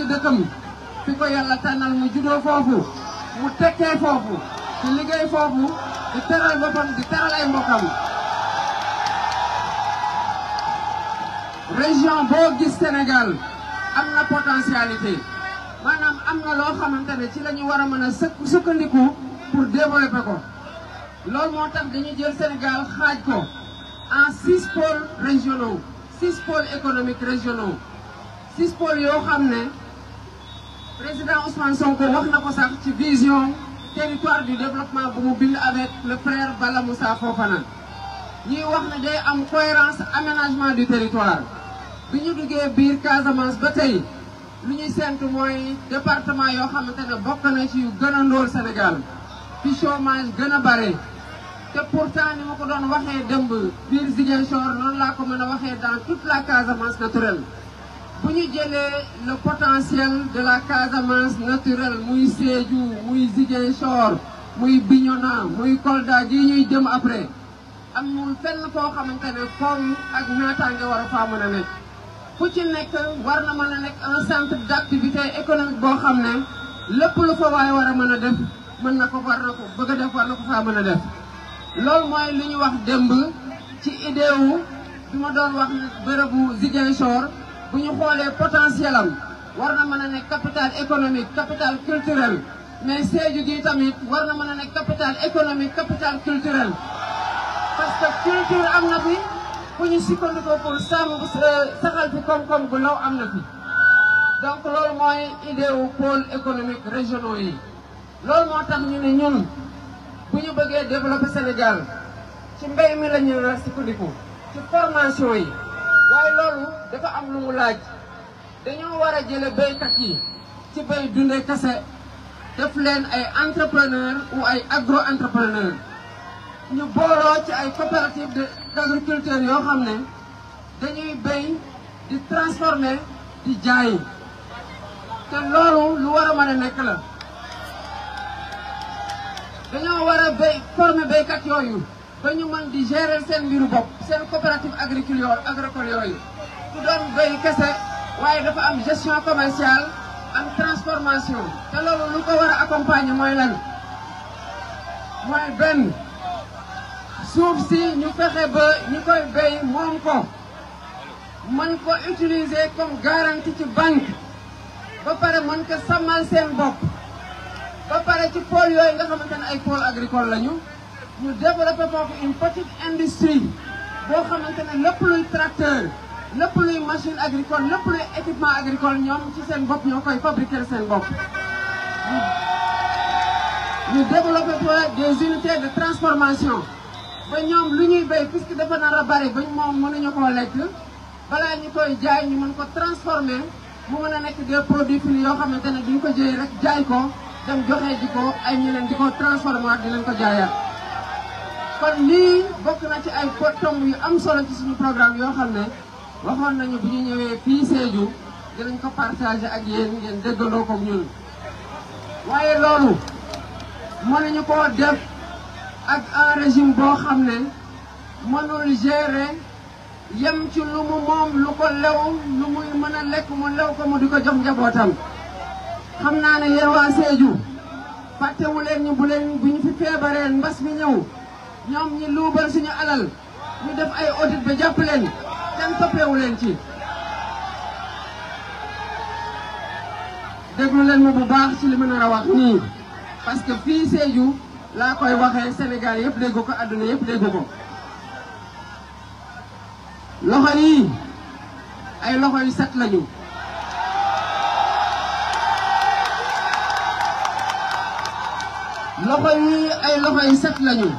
ci dëkkam fi ko yàlla tànnal mu judoo foofu mu tekkee foofu di liggéey foofu di teral boppam di teral ay mbokkam région boo gis Sénégal am na potentialité maanaam am na loo xamante ne ci lañuy ñu war a mën a sëkk sukkandiku pour développer ko loolu moo tax dañu jël Sénégal xaaj ko en six pôles régionaux six pôles économiques régionaux six pôles yoo xam ne président Ousmane Sonko wax na ko sax ci vision territoire du développement bu mu bind avec le frère Bala Moussa Fofana ñuy wax ne day am cohérence aménagement du territoire bi ñu duggee biir Casamance ba tey lu ñuy séntu mooy département yoo xamante ne bokk na ci yu gën a ndóol Sénégal fi chômage gën a bare te pourtant ni ma ko doon waxee dëmb biir Ziguinchor noonu laa ko mën a waxee dans toute Casamance naturelle bu ñu jëlee na potentiel de la Casamance naturelle muy Sédhiou muy Ziguinchor muy Bignona muy Kolda ji ñuy jëm après amul fenn koo xamante ne koom ak naataange war a faa mën a nekk. fu ci nekk war na mën a nekk un centre d' activité économique boo xam ne lépp lu fa waaye war a mën a def mën na ko war na ko bëgg a def war na ko faa mën a def. loolu mooy li ñu wax démb ci idée wu bi ma doon wax bërëbu Ziguinchor. bu ñu xoolee potentiel am war na mën a nekk capital économique capital culturel mais Sédhiou gi tamit war na mën a nekk capital économique capital culturel parce que culture am na fi bu ñu sukkandikoo pour sàmm saxal fi koom-koom bu law am na fi donc loolu mooy idée wu pôle économique régionaux yi loolu moo tax ñu ne ñun bu ñu bëggee développer Sénégal ci mbéy mi la ñu sukkandiku ci formation yi waaye loolu dafa am lu laaj dañoo war a jële béykat yi ci béy dunde kese def leen ay entrepreneur ou ay agro entrepreneur ñu booloo ci ay coopérative de d'agriculture yoo xam ne dañuy béy di transformer di jaayi te loolu lu war a mën nekk la dañoo war a béy former béykat yooyu ba ñu mën di gérer seen mbiru bopp seen coopérative agricole yooyu agricole yooyu du doon béy kese waaye dafa am gestion commerciale am transformation te loolu lu ko war a accompagner mooy lan mooy benn suuf si ñu fexe ba ñu koy béy moom ko mën ko utiliser comme garantie ci banque ba pare mën ko sàmmal seen bopp ba pare ci pôle yooyu nga xamante ne ay pôle agricole lañu ñu développé foofu une petite industrie boo xamante ne lépp luy tracteur lépp luy machine agricole lépp luy équipement agricole ñoom ci seen bopp ñoo koy fabriquer seen bopp. ñu développé fa des unités de transformation ba ñoom lu ñuy béy puisque dafa nar a bari ba moom mënuñu koo lekk balaa ñu koy jaay ñu mën ko transformer mu mën a nekk des produits finis yoo xamante ne duñ ko jëyee rek jaay ko dem joxe ji ko ay ñu leen di ko transformer di leen ko jaayaat. kon lii bokk na ci ay tomb yu am solo ci suñu programme yoo xam ne waxoon nañu bu ñu ñëwee fii Sédhiou dinañ ko partagé ak yéen ngeen déggandoo ko ñun. waaye loolu nañu koo def ak un régime boo xam ne mënul gérer yem ci lu mu moom lu ko lew lu muy mën a lekk mu lew ko mu di ko jox njabootam. xam naa ne yéen waa Sédhiou fàttewu leen ñu bu leen bu ñu fi feebaree mbas mi ñëw. ñoom ñi luubal suñu alal ñu def ay audit ba jàpp leen kenn toppeewu leen ci déglu leen ma bu baax ci li ma nar wax nii parce que fii Sédhiou laa koy waxee senegal yëpp dégg ko àdduna yëpp dégg ko loxo yi ay loxo lañu loxo yi ay set lañu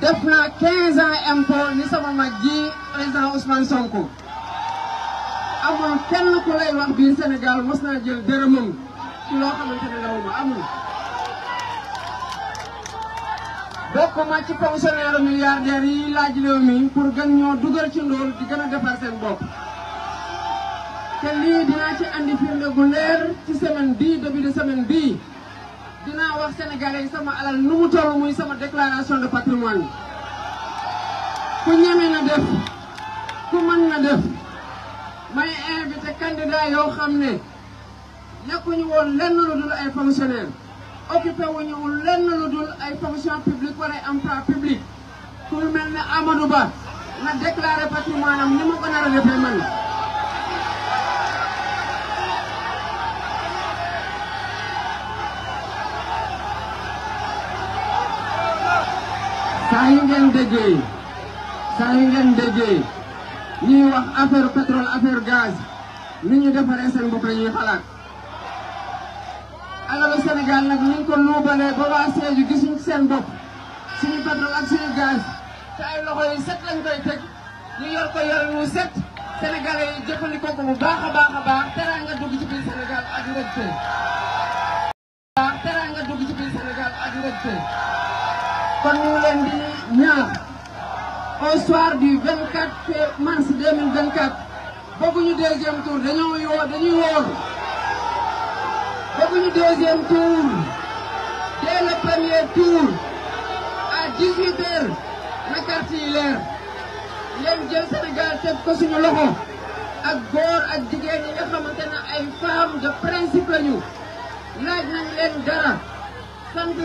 def naa 15 ans ni sama mag ji président Ousmane Sonko amoon kenn ku lay wax biir Sénégal mos naa jël dërëmam ci loo xamante ne lawuma amul. bokkuma ci fonctionnaire milliardaire yi laaj réew mi pour gën ñoo dugal ci ndóol di gën a defar seen bopp. te lii dinaa ci andi firnde gu leer ci semaine bii début de semaine bii. dinaa wax sénégalais yi sama alal nu mu toll muy sama déclaration de patrimoine ku ñeme na def ku mën na def may invité candidat yoo xam ne nekkuñu woon lenn lu dul ay fonctionnaires occupé wuñu lenn lu dul ay fonction publique wala ay public ku mel ne Amadou Ba na déclaré patrimoine am ni ma ko nar a defee man saa yu ngeen déggee saa yu ngeen déggee ñuy wax affaire pétrole affaire gaz ni ñu defaree seen bopp la ñuy xalaat. alalu senegal nag ñu ngi ko luubalee ba waa Sédhiou gisuñ seen bopp si pétrole ak suñu gaz te ay loxo yu set lañ koy teg ñu yor ko yor yu set Sénégalais yi jëfandikoo ko bu baax a baax a baax dugg ci biir Sénégal ak ndegte. kon ñu ngi leen di ñaan au soir du 24 mars 2024 bëgguñu deuxième tour dañoo yoo dañuy wóoru bëgguñu deuxième tour dès le premier tour à 18 na carte leer ngeen jël Sénégal teg ko suñu loxo ak góor ak jigéen yi xamante ne ay femmes de principe lañu laaj nañ leen dara sant